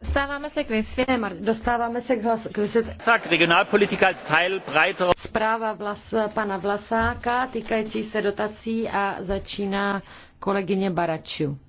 Dostáváme se k vysvětlení. Dostáváme se k, hlas, k vysvětlení. Zpráva vlas, pana Vlasáka týkající se dotací a začíná kolegyně Baračiu.